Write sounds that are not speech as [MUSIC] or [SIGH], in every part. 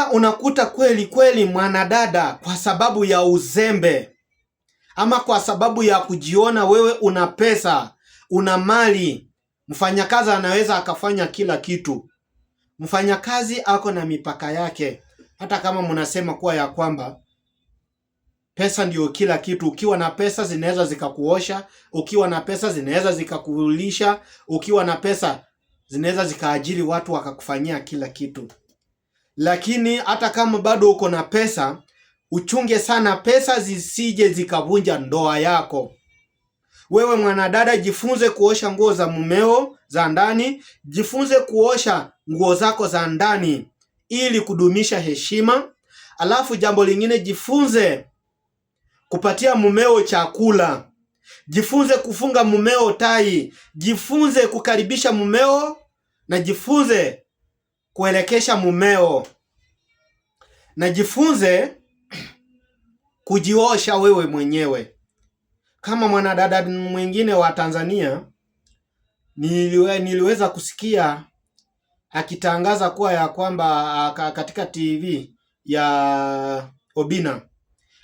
Pia unakuta kweli kweli mwanadada kwa sababu ya uzembe ama kwa sababu ya kujiona wewe una pesa, una mali, mfanyakazi anaweza akafanya kila kitu. Mfanyakazi ako na mipaka yake, hata kama mnasema kuwa ya kwamba pesa ndiyo kila kitu. Ukiwa na pesa zinaweza zikakuosha, ukiwa na pesa zinaweza zikakulisha, ukiwa na pesa zinaweza zikaajiri watu wakakufanyia kila kitu lakini hata kama bado uko na pesa, uchunge sana pesa zisije zikavunja ndoa yako. Wewe mwanadada, jifunze kuosha nguo za mumeo za ndani, jifunze kuosha nguo zako za ndani ili kudumisha heshima. Alafu jambo lingine, jifunze kupatia mumeo chakula, jifunze kufunga mumeo tai, jifunze kukaribisha mumeo na jifunze kuelekesha mumeo. Najifunze kujiosha wewe mwenyewe. Kama mwanadada mwingine wa Tanzania niliwe, niliweza kusikia akitangaza kuwa ya kwamba katika TV ya Obina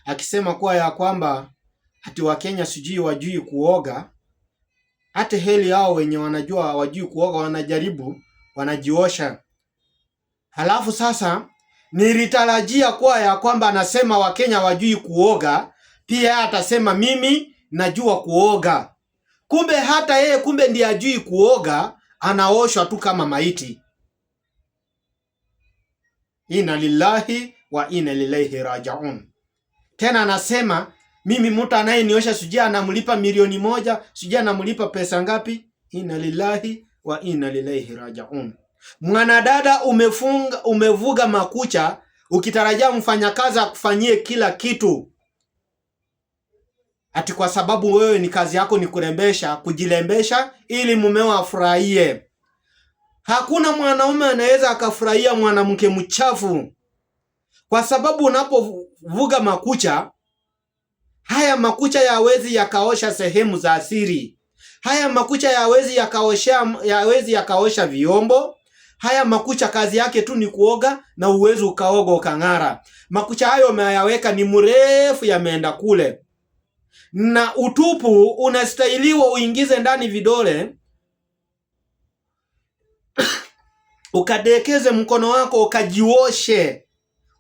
akisema kuwa ya kwamba hati Wakenya sijui wajui kuoga, hata heli hao wenye wanajua wajui kuoga wanajaribu, wanajiosha Halafu sasa nilitarajia kuwa ya kwamba anasema Wakenya wajui kuoga, pia atasema mimi najua kuoga. Kumbe hata yeye kumbe ndiye ajui kuoga, anaoshwa tu kama maiti. Inna lillahi wa inna ilaihi rajiun. Tena anasema mimi mtu anayeniosha sijui anamlipa milioni moja, sijui anamlipa pesa ngapi. Inna lillahi wa inna ilaihi rajiun. Mwanadada umefunga, umevuga makucha ukitarajia mfanyakazi akufanyie kila kitu, ati kwa sababu wewe ni kazi yako ni kurembesha, kujilembesha ili mumeo afurahie. Hakuna mwanaume anaweza akafurahia mwanamke mchafu, kwa sababu unapovuga makucha haya makucha yawezi yakaosha sehemu za asiri. Haya makucha yawezi yakaosha, yawezi yakaosha viombo Haya makucha kazi yake tu ni kuoga na uwezo ukaoga ukang'ara. Makucha hayo umeyaweka ni mrefu, yameenda kule, na utupu unastahiliwa uingize ndani vidole [COUGHS] ukadekeze mkono wako ukajioshe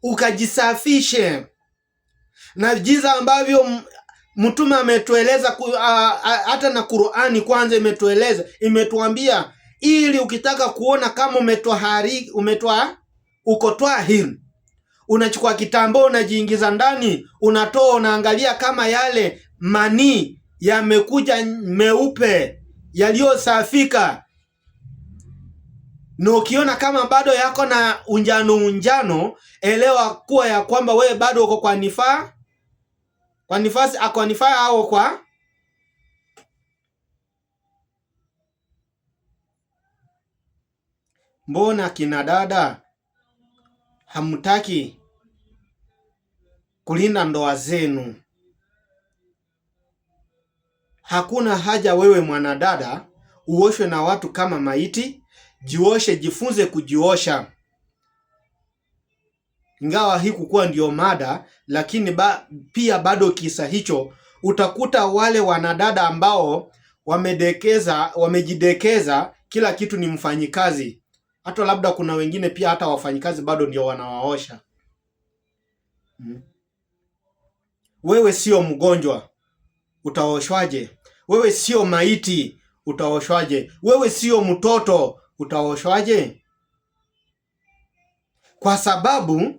ukajisafishe, na jiza ambavyo mtume ametueleza hata na Qur'ani kwanza imetueleza imetuambia ili ukitaka kuona kama hari umetwa uko twahir, unachukua kitambo unajiingiza ndani, unatoa, unaangalia kama yale manii yamekuja meupe yaliyosafika, na ukiona kama bado yako na unjano unjano, elewa kuwa ya kwamba wewe bado uko kwa nifaa kwa nifasi akwa nifaa au kwa Mbona kina dada hamtaki kulinda ndoa zenu? Hakuna haja wewe mwanadada uoshwe na watu kama maiti. Jioshe, jifunze kujiosha. Ingawa hii kukuwa ndio mada, lakini ba, pia bado kisa hicho utakuta wale wanadada ambao wamedekeza, wamejidekeza kila kitu ni mfanyikazi hata labda kuna wengine pia hata wafanyikazi bado ndio wanawaosha hmm. Wewe sio mgonjwa utaoshwaje? Wewe sio maiti utaoshwaje? Wewe sio mtoto utaoshwaje? Kwa sababu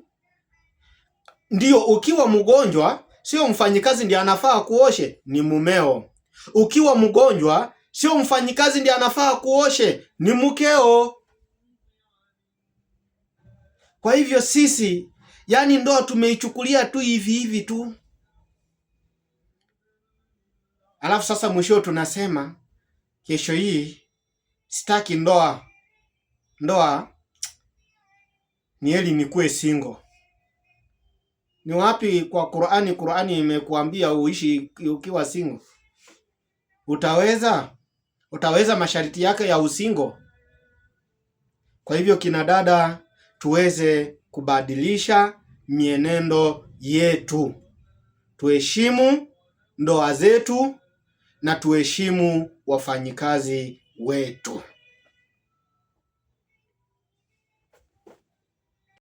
ndio, ukiwa mgonjwa sio mfanyikazi ndiye anafaa kuoshe, ni mumeo. Ukiwa mgonjwa sio mfanyikazi ndiye anafaa kuoshe, ni mkeo. Kwa hivyo sisi, yani ndoa tumeichukulia tu hivi hivi tu, alafu sasa mwisho tunasema kesho hii sitaki ndoa, ndoa ni heli nikuwe single. Ni wapi kwa Qur'ani? Qur'ani imekuambia uishi ukiwa single? Utaweza? Utaweza masharti yake ya usingo? Kwa hivyo kina dada tuweze kubadilisha mienendo yetu, tuheshimu ndoa zetu na tuheshimu wafanyikazi wetu.